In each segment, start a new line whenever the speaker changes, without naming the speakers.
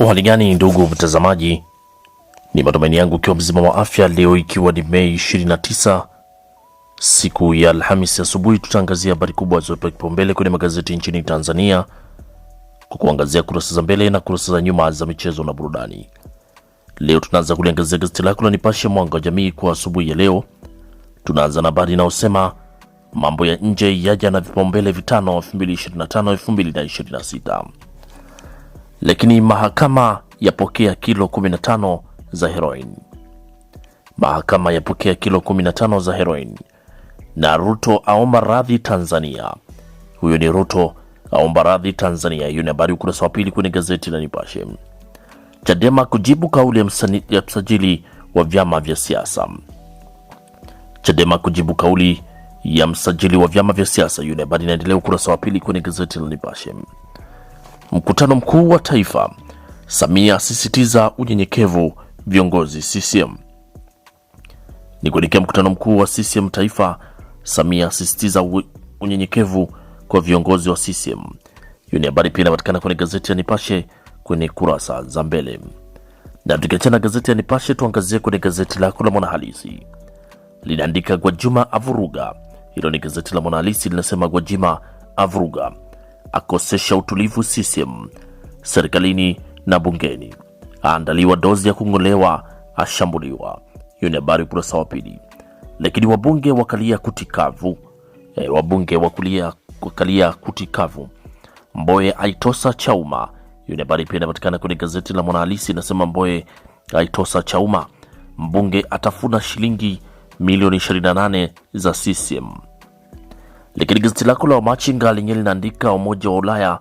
Uhali gani ndugu mtazamaji, ni matumaini yangu ukiwa mzima wa afya. Leo ikiwa ni Mei 29 siku ya Alhamisi asubuhi, tutaangazia habari kubwa zilizopewa kipaumbele kwenye magazeti nchini Tanzania kwa kuangazia kurasa za mbele na kurasa za nyuma za michezo na burudani. Leo tunaanza kuliangazia gazeti lako la Nipashe Mwanga wa Jamii kwa asubuhi ya leo. Tunaanza na habari inayosema mambo ya nje yaja na vipaumbele vitano 2025 2026 lakini mahakama yapokea kilo 15 za heroin. Mahakama yapokea kilo 15 za heroin na Ruto aomba radhi Tanzania. Huyo ni Ruto aomba radhi Tanzania. Hiyo ni habari ukurasa wa pili kwenye gazeti la Nipashe. Chadema kujibu kauli ya msajili wa vyama vya siasa. Chadema kujibu kauli ya msajili wa vyama vya siasa. Hiyo ni habari inaendelea ukurasa wa pili kwenye gazeti la Nipashe. Mkutano mkuu wa taifa, Samia asisitiza unyenyekevu viongozi CCM. Ni kuelekea mkutano mkuu wa CCM taifa, Samia asisitiza unyenyekevu kwa viongozi wa CCM. Hiyo ni habari pia inapatikana kwenye gazeti ya Nipashe kwenye kurasa za mbele. Na tukiachana gazeti ya Nipashe, tuangazie kwenye gazeti lako la Mwanahalisi linaandika Gwajuma avuruga. Hilo ni gazeti la Mwanahalisi linasema Gwajima avuruga akosesha utulivu CCM serikalini na bungeni, aandaliwa dozi ya kung'olewa, ashambuliwa. Hiyo ni habari ukurasa wa pili. Lakini wabunge wakalia kutikavu e, wabunge wakulia wakalia kutikavu. Mboye aitosa Chauma. Hiyo ni habari pia inapatikana kwenye gazeti la Mwanahalisi, inasema Mboye aitosa Chauma, mbunge atafuna shilingi milioni 28 za CCM. Lakini gazeti lako la Wamachinga lenye linaandika umoja wa Ulaya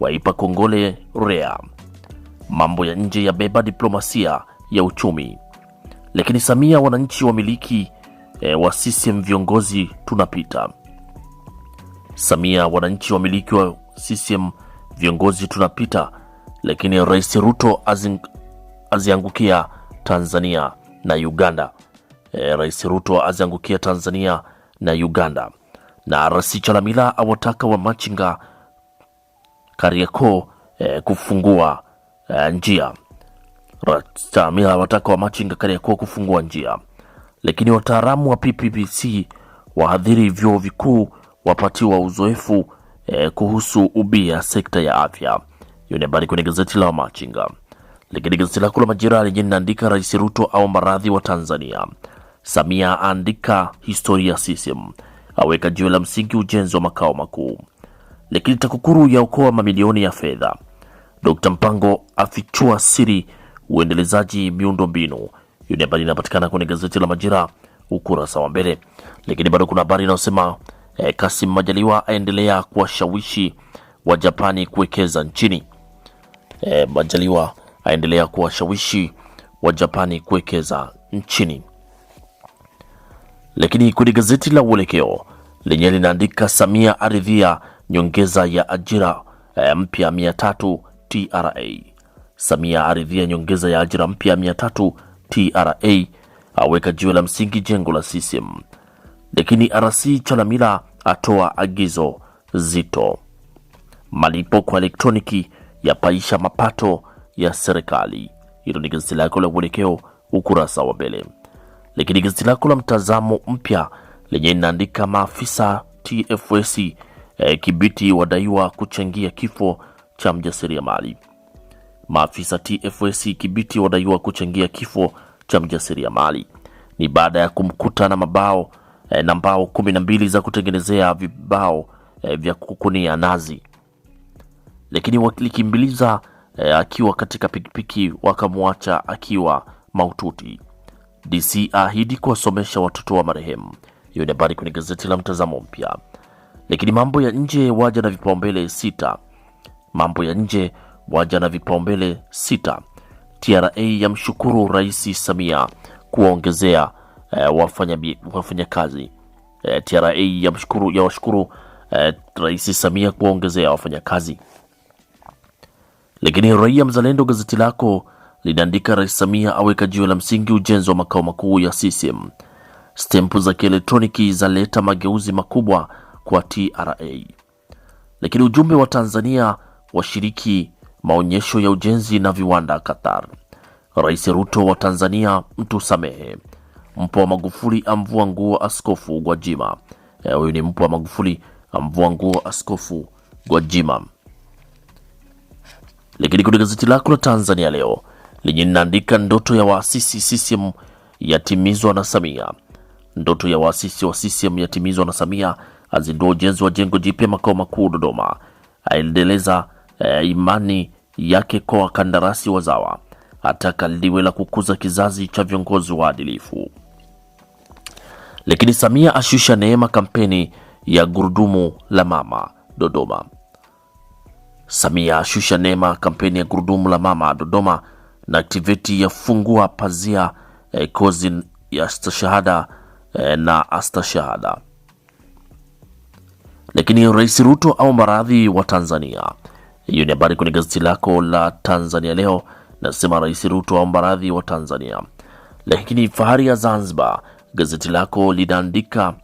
waipa kongole REA, mambo ya nje ya beba diplomasia ya uchumi. Lakini Samia, wananchi wamiliki e, wa CCM eh, viongozi tunapita. Samia, wananchi wamiliki wa CCM viongozi tunapita. Lakini eh, Rais Ruto aziangukia Tanzania na Uganda. E, Rais Ruto aziangukia Tanzania na Uganda na RC Chalamila awataka wa machinga Kariakoo eh, kufungua eh, njia. Chalamila awataka wa machinga Kariakoo kufungua njia. Lakini wataalamu wa PPPC wahadhiri vyuo vikuu wapatiwa uzoefu eh, kuhusu ubia sekta ya afya. Hiyo ni habari kwenye gazeti la Wamachinga. Lakini gazeti lako la Majira lenye linaandika Rais Ruto aomba radhi wa Tanzania, Samia aandika historia CCM aweka jiwe la msingi ujenzi wa makao makuu, lakini TAKUKURU yaokoa mamilioni ya fedha. Dkt Mpango afichua siri uendelezaji miundo mbinu. Hiyo ni habari inapatikana kwenye gazeti la Majira ukurasa wa mbele, lakini bado kuna habari inayosema eh, Kasim Majaliwa aendelea kuwashawishi wa Japani kuwekeza nchini. Eh, Majaliwa aendelea kuwashawishi wa Japani kuwekeza nchini. Lakini kwenye gazeti la Uelekeo lenye linaandika Samia aridhia nyongeza ya ajira e, mpya 300 TRA. Samia aridhia nyongeza ya ajira mpya 300 TRA, aweka jiwe la msingi jengo la CCM. Lakini RC Chalamila atoa agizo zito, malipo kwa elektroniki yapaisha mapato ya serikali. Hilo ni gazeti lako la Uelekeo ukurasa wa mbele. Lakini gazeti lako la Mtazamo Mpya lenye linaandika maafisa TFS eh, Kibiti wadaiwa kuchangia kifo cha mjasiriamali. Maafisa TFS Kibiti wadaiwa kuchangia kifo cha mjasiriamali ni baada ya kumkuta na mabao eh, na mbao kumi na mbili za kutengenezea vibao eh, vya kukunia nazi, lakini walikimbiliza eh, akiwa katika pikipiki wakamwacha akiwa maututi. DC ahidi kuwasomesha watoto wa marehemu. Hiyo ni habari kwenye gazeti la Mtazamo Mpya. Lakini mambo ya nje waja na vipaumbele sita, mambo ya nje waja na vipaumbele sita. TRA yamshukuru Rais Samia kuwaongezea eh, wafanyakazi wafanya eh, TRA yamshukuru yawashukuru eh, Rais Samia kuwaongezea wafanyakazi. Lakini Raia Mzalendo, gazeti lako linaandika Rais Samia aweka jiwe la msingi ujenzi wa makao makuu ya CCM. Stempu za kielektroniki zaleta mageuzi makubwa kwa TRA. Lakini ujumbe wa Tanzania washiriki maonyesho ya ujenzi na viwanda Qatar. Rais Ruto wa Tanzania samehe. Mpo wa Magufuli amvua nguo Askofu Gwajima. Eh, huyu ni Mpo wa Magufuli amvua nguo Askofu Gwajima. Lakini kwenye gazeti lako la Tanzania leo lenye linaandika ndoto ya waasisi CCM yatimizwa na Samia. Ndoto ya waasisi wa CCM yatimizwa na Samia, azindua ujenzi wa jengo jipya makao makuu Dodoma, aendeleza eh, imani yake kwa wakandarasi wazawa, ataka liwe la kukuza kizazi cha viongozi waadilifu. Lakini Samia ashusha neema kampeni ya gurudumu la mama Dodoma. Samia ashusha neema kampeni ya gurudumu la mama Dodoma na aktiveti ya fungua pazia eh, kozi ya stashahada eh, na astashahada. Lakini Rais Ruto aomba radhi wa Tanzania. Hiyo ni habari kwenye gazeti lako la Tanzania Leo, nasema Rais Ruto aomba radhi wa Tanzania. Lakini fahari ya Zanzibar, gazeti lako linaandika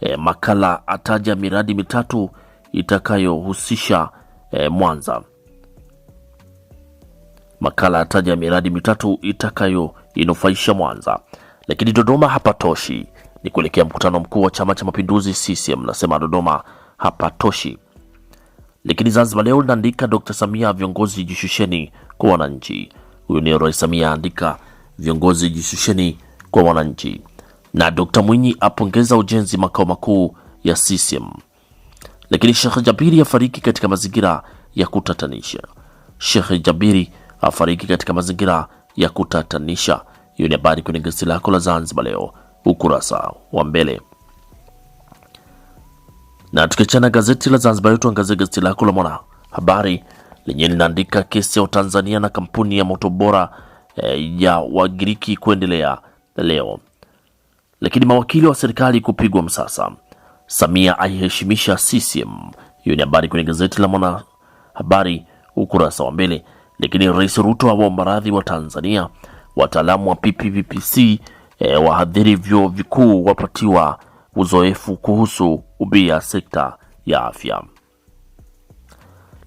e, makala ataja miradi mitatu itakayohusisha e, Mwanza Makala ataja miradi mitatu itakayoinufaisha Mwanza, lakini Dodoma hapatoshi. Ni kuelekea mkutano mkuu wa Chama cha Mapinduzi CCM nasema Dodoma hapatoshi. Lakini Zanzibar Leo linaandika Dr. Samia, viongozi jishusheni kwa wananchi. Huyu ni Rais Samia andika viongozi jishusheni kwa wananchi, na Dr. Mwinyi apongeza ujenzi makao makuu ya CCM. Lakini Sheikh Jabiri afariki katika mazingira ya kutatanisha. Sheikh Jabiri afariki katika mazingira ya kutatanisha. Hiyo ni habari kwenye gazeti lako la Zanzibar Leo ukurasa wa mbele. Na tukiachana gazeti la Zanzibar Leo, tuangazie gazeti lako la Mwana Habari lenye linaandika kesi ya Tanzania na kampuni ya moto bora e, ya Wagiriki kuendelea leo, lakini mawakili wa serikali kupigwa msasa. Samia aiheshimisha CCM. Hiyo ni habari kwenye gazeti la Mwana Habari ukurasa wa mbele. Lakini Rais Ruto awaomba radhi wa Tanzania, wataalamu wa PPVPC e, eh, wahadhiri vyuo vikuu wapatiwa uzoefu kuhusu ubia sekta ya afya.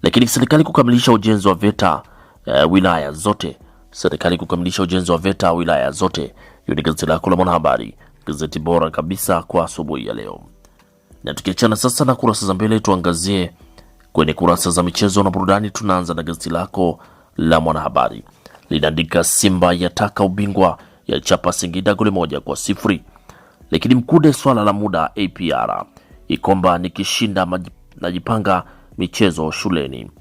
Lakini serikali kukamilisha ujenzi wa VETA e, wilaya zote. Serikali kukamilisha ujenzi wa VETA wilaya zote. Hiyo ni gazeti lako la Mwanahabari, gazeti bora kabisa kwa asubuhi ya leo. Na tukiachana sasa na kurasa za mbele, tuangazie kwenye kurasa za michezo na burudani. Tunaanza na gazeti lako la Mwanahabari linaandika Simba yataka ubingwa ya chapa Singida goli moja kwa sifuri. Lakini Mkude, swala la muda APR Ikomba, nikishinda najipanga michezo shuleni.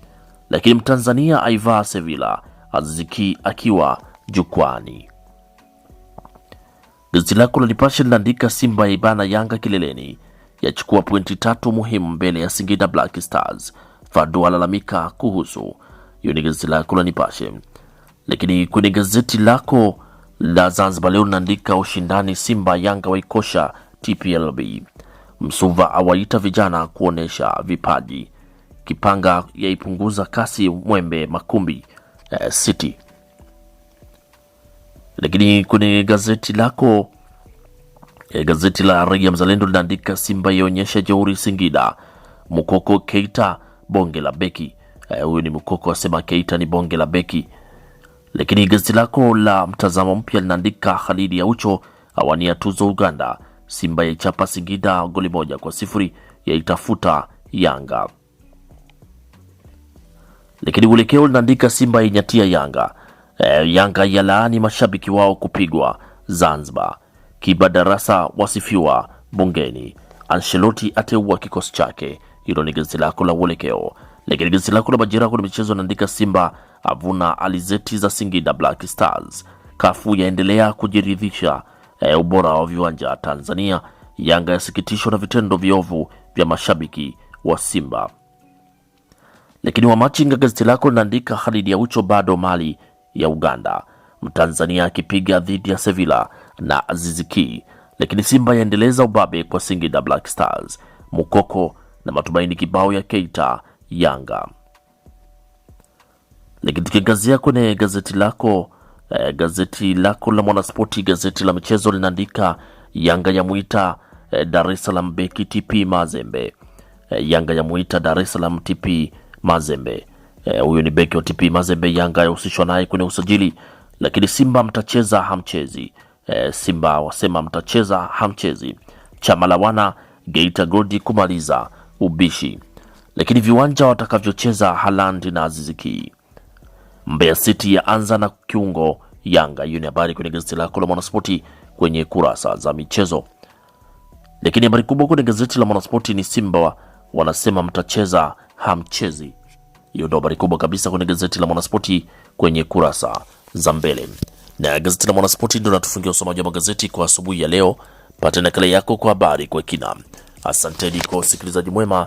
Lakini Mtanzania aivaa Sevilla, Aziziki akiwa jukwani. Gazeti lako la Nipashe linaandika Simba yaibana Yanga kileleni, yachukua pointi tatu muhimu mbele ya Singida Black Stars. Fadu alalamika kuhusu hiyo ni gazeti lako la Nipashe. Lakini kwenye gazeti lako la Zanzibar Leo linaandika ushindani Simba Yanga waikosha TPLB, Msuva awaita vijana kuonesha vipaji, Kipanga yaipunguza kasi Mwembe Makumbi eh, City. Lakini kwenye gazeti lako eh, gazeti la Raia Mzalendo linaandika Simba yaonyesha jeuri Singida, Mukoko Keita bonge la beki Eh, huyu ni mkoko asema Keita ni bonge la beki. Lakini gazeti lako la Mtazamo Mpya linaandika Khalidi Aucho awania tuzo Uganda, Simba yaichapa Singida goli moja kwa sifuri yaitafuta Yanga. Lakini Uelekeo linaandika Simba yainyatia Yanga. E, Yanga yalaani mashabiki wao kupigwa Zanzibar. Kiba darasa wasifiwa bungeni. Ancelotti ateua kikosi chake. Hilo ni gazeti lako la Uelekeo. Lakini gazeti lako la Majira kuna michezo naandika Simba avuna alizeti za Singida Black Stars, kafu yaendelea kujiridhisha e, ubora wa viwanja Tanzania, Yanga yasikitishwa na vitendo viovu vya mashabiki wa Simba. Lakini Wamachinga gazeti lako linaandika Khalid Aucho bado mali ya Uganda, Mtanzania akipiga dhidi ya Sevilla na Aziziki. Lakini Simba yaendeleza ubabe kwa Singida Black Stars, Mukoko na matumaini kibao ya Keita Yanga. Lakini tukiangazia kwenye gazeti lako eh, gazeti lako la Mwanaspoti, gazeti la michezo linaandika Yanga ya mwita eh, Dar es Salaam beki TP Mazembe eh, Yanga ya mwita Dar es Salaam TP Mazembe huyu eh, ni beki wa TP Mazembe. Yanga yahusishwa naye kwenye usajili. Lakini Simba mtacheza hamchezi eh, Simba wasema mtacheza hamchezi. Chama la wana Geita Godi kumaliza ubishi lakini viwanja watakavyocheza Haaland na Aziziki. Mbeya City ya anza na kiungo Yanga. Hiyo ni habari kwenye gazeti lako la Mwanaspoti kwenye kurasa za michezo, lakini habari kubwa kwenye gazeti la Mwanaspoti ni Simba wanasema mtacheza hamchezi. Hiyo ndio habari kubwa kabisa kwenye gazeti la Mwanaspoti kwenye kurasa za mbele, na gazeti la Mwanaspoti ndio natufungia usomaji wa magazeti kwa asubuhi ya leo. Pata nakala yako kwa habari kwa kina. Asanteni kwa usikilizaji mwema